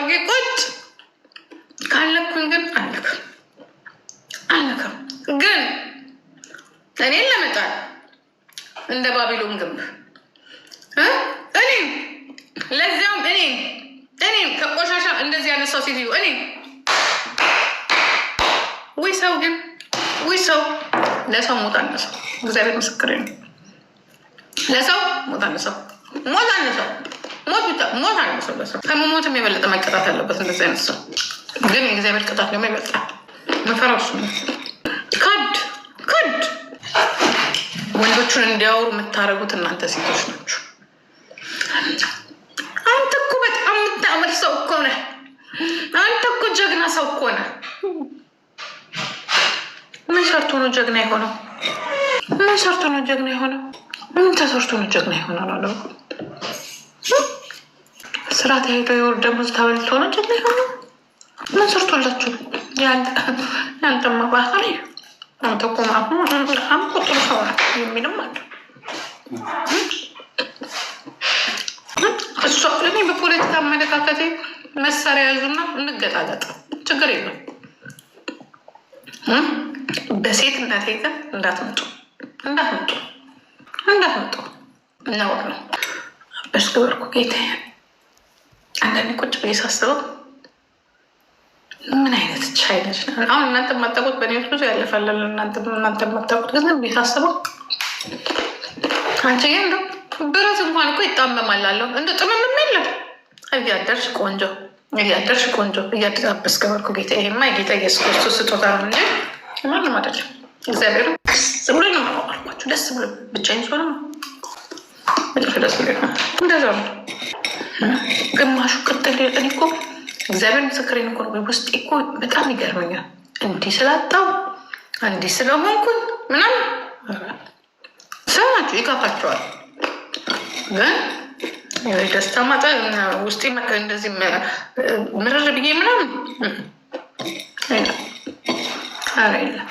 አድርጌ ቁጭ ካለኩኝ ግን አልነካም አልነካም። ግን እኔን ለመጣል እንደ ባቢሎን ግንብ እኔም ለዚያም እኔ እኔም ከቆሻሻ እንደዚህ ያነሳው ሴትዮ እኔ ወይ ሰው ግን ወይ ሰው ለሰው ሞት አነሳው። እግዚአብሔር ምስክር ነው። ለሰው ሞት አነሳው ሞት አነሳው ሞት አለ ሰው ለሰው ከመሞትም የበለጠ መቀጣት አለበት። እንደዚህ አይነት ሰው ግን የእግዚአብሔር ቅጣት ደግሞ ይበልጣል። መፈራው እሱ ነው። ከድ ከድ ወንዶቹን እንዲያወሩ የምታደርጉት እናንተ ሴቶች ናችሁ። አንተ እኮ በጣም የምታምር ሰው እኮ ነህ። አንተ እኮ ጀግና ሰው እኮ ነህ። ምን ሰርቶ ነው ጀግና የሆነው? ምን ሰርቶ ነው ጀግና የሆነው? ምን ተሰርቶ ነው ጀግና የሆነው? ስራ ተሄዶ የወር ደሞዝ ተበልቶ ነው ጭላ ሆነ። ምን ሰርቶላችሁ ያልጠመቁ አካል ተቆማሙ ቁጥሩ ሰው ነው የሚልም አለ። እሷ እኔ በፖለቲካ አመለካከቴ መሳሪያ ያዙና እንገጣገጥ ችግር የለም። በሴት እናቴ ግን እንዳትመጡ እንዳትመጡ እንዳትመጡ እናወር ነው። አበሽ ግበርኩ ጌታ አንዳንድ ቁጭ ብዬ ሳስበው ምን አይነት ቻይነች አሁን እናንተ የማታውቁት በኔዎች ብዙ ያለፋለን። እናንተ የማታውቁት ግን ዝም ብዬ ሳስበው አንቺ ግን ብረት እንኳን እኮ ይጣመማል አለው እንደ ጥምምም የለም እያደርሽ ቆንጆ እያደርሽ ቆንጆ እያደጣበስ ገበርኩ ጌታ። ይሄማ የጌታ ኢየሱስ ክርስቶስ ስጦታ ነው እንጂ ማንም አይደለም። እግዚአብሔር ብሎ ነው አልኳቸው። ደስ ብሎ ብቻዬን ሆነ እንደዛ ነው። ግማሹ ቅጥል እኔ እኮ እግዚአብሔር ምስክሬን እኮ ነው። ውስጥ እኮ በጣም ይገርመኛል። እንዲህ ስላጣው እንዲህ ስለሆንኩኝ ምናምን ሰው ናቸው ይከፋቸዋል። ግን ደስታ ማጣ ውስጤ እንደዚህ ምርር ብዬ ምናምን ኧረ የለም።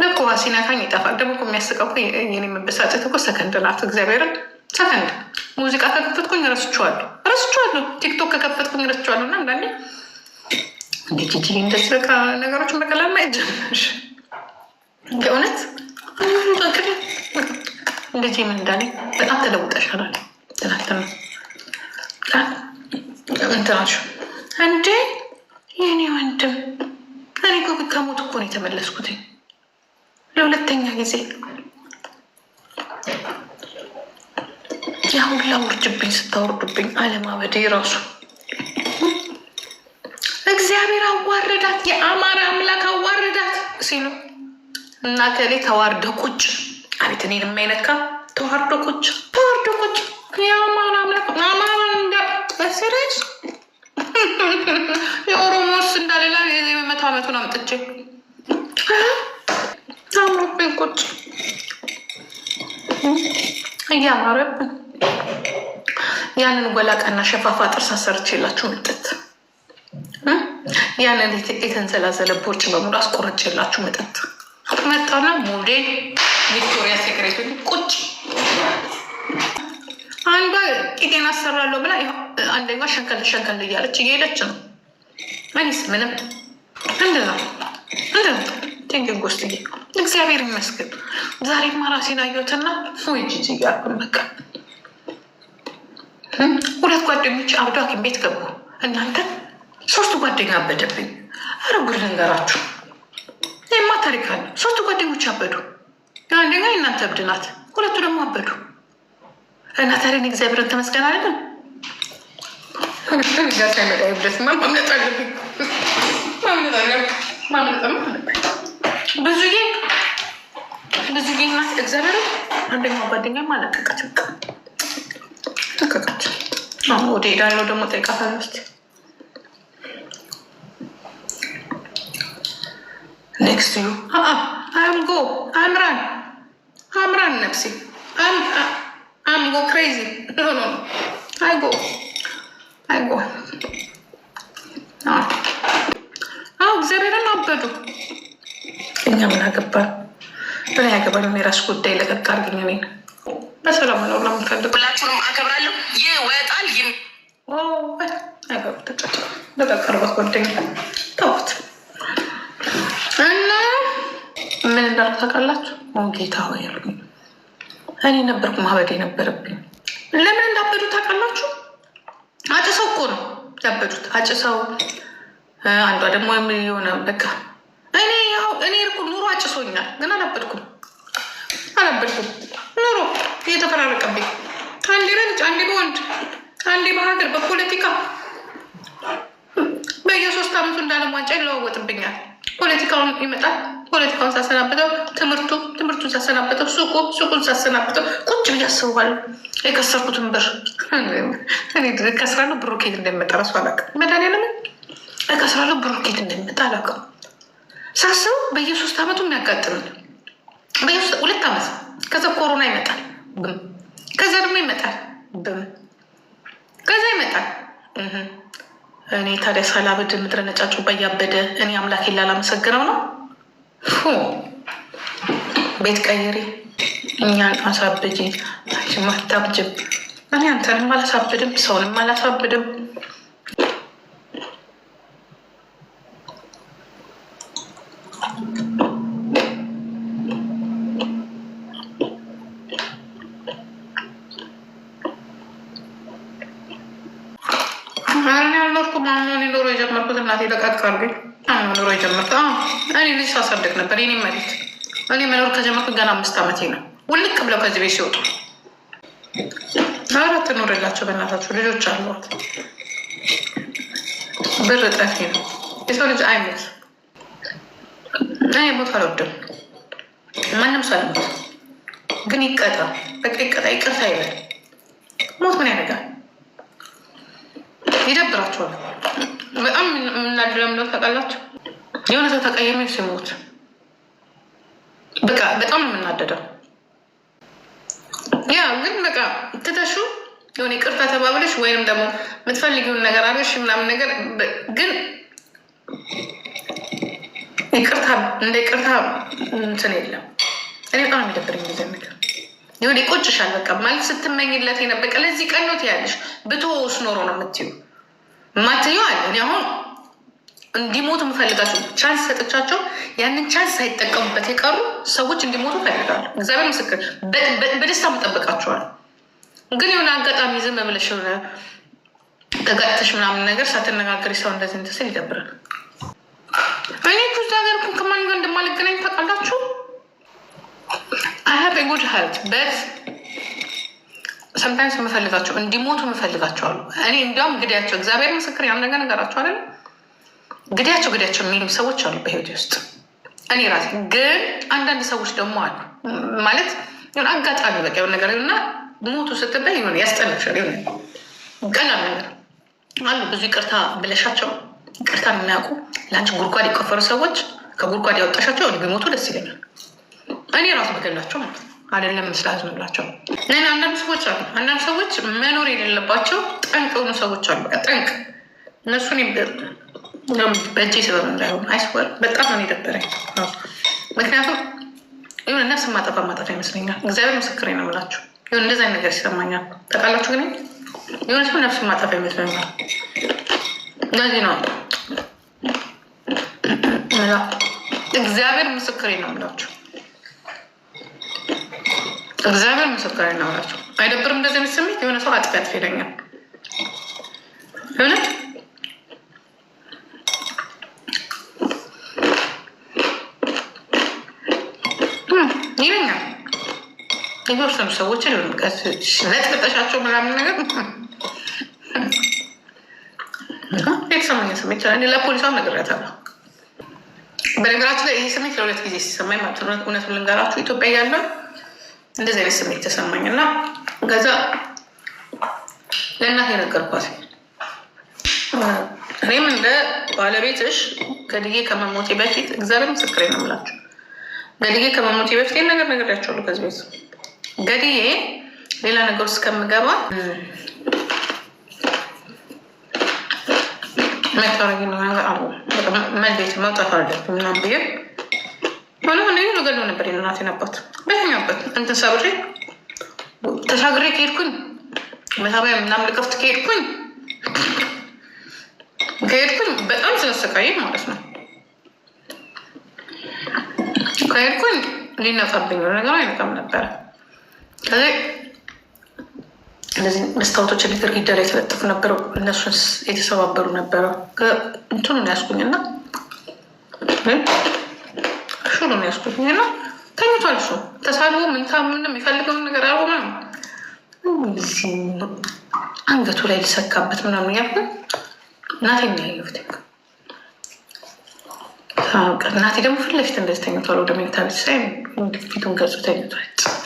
ልክ ውሃ ሲነካኝ ይጠፋል። ደግሞ እኮ የሚያስቀው የኔ መበሳጨት እኮ ሰከንድ ናት። እግዚአብሔርን ሰከንድ ሙዚቃ ከከፈትኩኝ ረስቼዋለሁ ረስቼዋለሁ። ቲክቶክ ከከፈትኩኝ ረስቼዋለሁ። እና አንዳንዴ ጂጂጂ እንደዚህ በቃ ነገሮችን በቀላል ማየት ጀመርሽ። የእውነት እንደዚህ ምን እንዳለ በጣም ተለውጠሻል ትናንትና እንትናችሁ እንዴ የኔ ወንድም እኔ ከሞት እኮ ነው የተመለስኩት ለሁለተኛ ጊዜ ስታወርጅብኝ ስታወርዱብኝ አለማበዴ ራሱ እግዚአብሔር አዋረዳት፣ የአማራ አምላክ አዋረዳት ሲሉ እና ከሌ ተዋርደ ቁጭ አቤት እኔን የማይነካ ተዋርደ ቁጭ ተዋርደ ቁጭ የአማራ አምላክ አማራ እንደ በስሬስ የኦሮሞስ እንዳሌላ የመቶ ዓመቱን አምጥቼ አምሮብኝ ቁጭ እያማረብን ያንን ወላቃና ሸፋፋ ጥርስ አሰርቼላችሁ መጠጥ ያንን የተንዘላዘለ ቦርጭ በሙሉ አስቆረጬላችሁ መጠጥ መጣና ሞዴል ቪክቶሪያ ሴክሬት ቁጭ አንዷ ቂጤን አሰራለሁ ብላ አንደኛ ሸንከል ሸንከል እያለች እየሄደች ነው። እኔስ ምንም እንደ ነው እንደ ቴንኪን ጎስትዬ እግዚአብሔር ይመስገን። ዛሬማ ራሴን አየሁትና ሆይ ጅጅ እያልኩ በቃ ሁለት ጓደኞች አብዶ ሐኪም ቤት ገቡ። እናንተ ሶስቱ ጓደኛ አበደብኝ። ኧረ ጉድ ልንገራችሁ፣ ይህማ ታሪክ አለ። ሶስቱ ጓደኞች አበዱ። አንደኛ የእናንተ እብድ ናት፣ ሁለቱ ደግሞ አበዱ። እና ታሪን እግዚአብሔርን ተመስገን ብዙ ጊዜ ብዙ ጊዜ እግዚአብሔር አንደኛው ጓደኛ አለቀቀት። ያሳከቃቸው ወደ ሄዳለው ደግሞ ጠይቃታለሁ። እስኪ ኔክስት ዩ አም ጎ አምራን አምራን ነፍሴ አም ጎ ክሬዚ ኖ ኖ አይ ጎ አይ ጎ አሁ እግዚአብሔርን አበዱ። እኛ ምን አገባን? ምን ያገባል? የራሱ ጉዳይ ለቀቅ አድርገኝ እኔን በሰላም ነው ለምፈልግ ሁላችሁንም አከብራለሁ። ይወጣል ይም ነገሩ ተጫጭ በቀርበት ጓደኛ ተውት እና ምን እንዳልኩ ታውቃላችሁ? ጌታ ሆይ ያልኩኝ እኔ ነበርኩ ማበድ የነበረብኝ። ለምን እንዳበዱ ታውቃላችሁ? አጭሰው እኮ ነው ያበዱት። አጭሰው አንዷ ደግሞ የሆነ በቃ እኔ ያው እኔ ኑሮ አጭሶኛል፣ ግን አላበድኩም አላበድኩም ኑሮ እየተፈራረቀብኝ አንዴ በልጅ አንዴ በወንድ አንዴ በሀገር በፖለቲካ በየሶስት አመቱ እንዳለም ዋንጫ ይለዋወጥብኛል። ፖለቲካውን ይመጣል። ፖለቲካውን ሳሰናበተው ትምህርቱ ትምህርቱን ሳሰናበተው ሱቁ ሱቁን ሳሰናበተው ቁጭ ብዬ አስባለሁ የከሰርኩትን ብር እኔ ከስራለሁ ብሩ ኬት እንደሚመጣ እራሱ አላውቅም። መድኃኒዓለም ከስራለሁ ብሩ ኬት እንደሚመጣ አላውቅም። ሳስበው በየሶስት አመቱ የሚያጋጥም በየሶስት ሁለት ዓመት ከዛ ኮሮና ይመጣል። ከዛ ደግሞ ይመጣል ከዛ ይመጣል። እኔ ታዲያ ሳላብድ ምድረ ነጫጩባ እያበደ እኔ አምላክ ላላመሰግነው ነው። ቤት ቀይሪ፣ እኛን አሳብጂ። ማታብጅም እኔ አንተንም አላሳብድም፣ ሰውንም አላሳብድም። እናቴ ለቀቅ አድርገኝ። መኖር የጀመርኩ እኔ ልጅ ሳሳደግ ነበር። ኔ መሬት እኔ መኖር ከጀመርኩ ገና አምስት ዓመቴ ነው። ውልቅ ብለው ከዚህ ቤት ሲወጡ አራት ኖርላቸው በእናታቸው ልጆች አሏት። ብር ጠፊ ነው። የሰው ልጅ አይሞት። እኔ ሞት አልወድም። ማንም ሰው አይሞት፣ ግን ይቀጣ። በቃ ይቀጣ፣ ይቅርታ ይበል። ሞት ምን ያደርጋል? ይደብራቸዋል። በጣም የምናድር ምለው ታውቃላችሁ፣ የሆነ ሰው ተቀየሚ ሲሞት በቃ በጣም ነው የምናደደው። ያ ግን በቃ ትተሹ የሆነ ይቅርታ ተባብለሽ ወይንም ደግሞ የምትፈልጊውን ነገር አለሽ ምናምን ነገር ግን ይቅርታ እንደ ይቅርታ እንትን የለም። እኔ በጣም የሚደብር ጊዜ ነገር የሆነ ይቆጭሻል። በቃ ማለት ስትመኝለት የነበቀ ለዚህ ቀኖት ያለሽ ብትወስ ኖሮ ነው የምትዩ ማትየው አለ። እኔ አሁን እንዲሞቱ የምፈልጋቸው ቻንስ ሰጥቻቸው ያንን ቻንስ ሳይጠቀሙበት የቀሩ ሰዎች እንዲሞቱ ፈልጋሉ። እግዚአብሔር ምስክር፣ በደስታ መጠበቃቸዋል። ግን የሆነ አጋጣሚ ዝም ብለሽ የሆነ ተጋጥተሽ ምናምን ነገር ሳትነጋገሪ ሰው እንደዚህ እንትን ይደብራል። እኔ ኩዚ ሀገር ከማን ጋር እንደማልገናኝ ታውቃላችሁ። አይ ሃቭ ኤ ጉድ ሀልት በት ሰምታይምስ የምፈልጋቸው እንዲሞቱ የምፈልጋቸው አሉ። እኔ እንዲያውም ግዳያቸው እግዚአብሔር ምስክር ያን ነገር ነገራቸው አለ ግዳያቸው ግዳያቸው የሚሉ ሰዎች አሉ በህይወት ውስጥ እኔ ራሴ ግን አንዳንድ ሰዎች ደግሞ አሉ ማለት ሆን አጋጣሚ በቃ የሆነ ነገር እና ሞቱ ስትበይ ሆ ያስጠላሻል። ሆነ ቀና ነገር አሉ ብዙ ይቅርታ ብለሻቸው ይቅርታ የሚያውቁ ለአንቺ ጉድጓድ የቆፈሩ ሰዎች ከጉድጓድ ያወጣሻቸው ቢሞቱ ደስ ይለኛል። እኔ ራሱ በገላቸው ማለት ነው አይደለም መስላት ንላቸው ነን። አንዳንድ ሰዎች አሉ። አንዳንድ ሰዎች መኖር የሌለባቸው ጠንቅ የሆኑ ሰዎች አሉ። ጠንቅ እነሱን በእጅ ስበብ እንዳይሆን አይስወር በጣም ነው የደበረኝ። ምክንያቱም ይሁን ነፍስ ማጠፋ ማጠፋ ይመስለኛል። እግዚአብሔር ምስክር ነው የምላችሁ። ይሁን እንደዚ አይነት ነገር ይሰማኛል። ታውቃላችሁ ግን የሆነ ሰው ነፍስ ማጠፋ ይመስለኛል። እነዚህ ነው እግዚአብሔር ምስክሬ ነው የምላችሁ እግዚአብሔር ምስክር ናውራቸው አይደብር እንደዚህ አይነት ስሜት የሆነ ሰው አጥፊ አጥፊ ይለኛል። እውነት ይለኛል። የተወሰኑ ሰዎች ለጥቅጠሻቸው ምናምን ነገር የተሰማኝ ስሜት ይችላል። ለፖሊሷም ነግሬያታለሁ። በነገራችን ላይ ይሄ ስሜት ለሁለት ጊዜ ሲሰማኝ ማለት ነው። እውነቱን ልንገራችሁ ኢትዮጵያ ያለው እንደዚህ አይነት ስሜት ተሰማኝ እና ከዛ ለእናት የነገርኳት እኔም እንደ ባለቤትሽ ገድዬ ከመሞቴ በፊት እግዚአብሔር ምስክሬ ነው የምላቸው ገድዬ ከመሞቴ በፊት ይህን ነገር ነግሬያቸዋለሁ። ከዚህ ቤት ገድዬ ሌላ ነገር ውስጥ ከምገባ መጠረጊ ነገር መውጣት አለብኝ ምናምን ብዬ በለሆነ ገድሎ ነበር የእናቴን አባት በተኛበት እንትን ሰብሬ ተሻግሬ ከሄድኩኝ መሳቢያ ምናምን ልከፍት ከሄድኩኝ ከሄድኩኝ በጣም ስለሰቃየኝ ማለት ነው። ከሄድኩኝ ሊነቃብኝ ነገር አይነቃም ነበረ። ከዚህ እነዚህ መስታወቶችን ግድግዳ ላይ የተለጠፉ ነበረው። እነሱን የተሰባበሩ ነበረው። እንትኑን ያስኩኝና ነው የሚያስኩት ና ተኝቷል። እሱ ተሳሎ መኝታ ምንም የሚፈልገውን ነገር ነው አንገቱ ላይ ሊሰካበት ምናምን ያልኩ እናቴ የሚያየሁት እናቴ ደግሞ ፊት ለፊት እንደዚህ ተኝቷል። ወደ ሜታ ቤት ሳይ ፊቱን ገጹ ተኝቷል።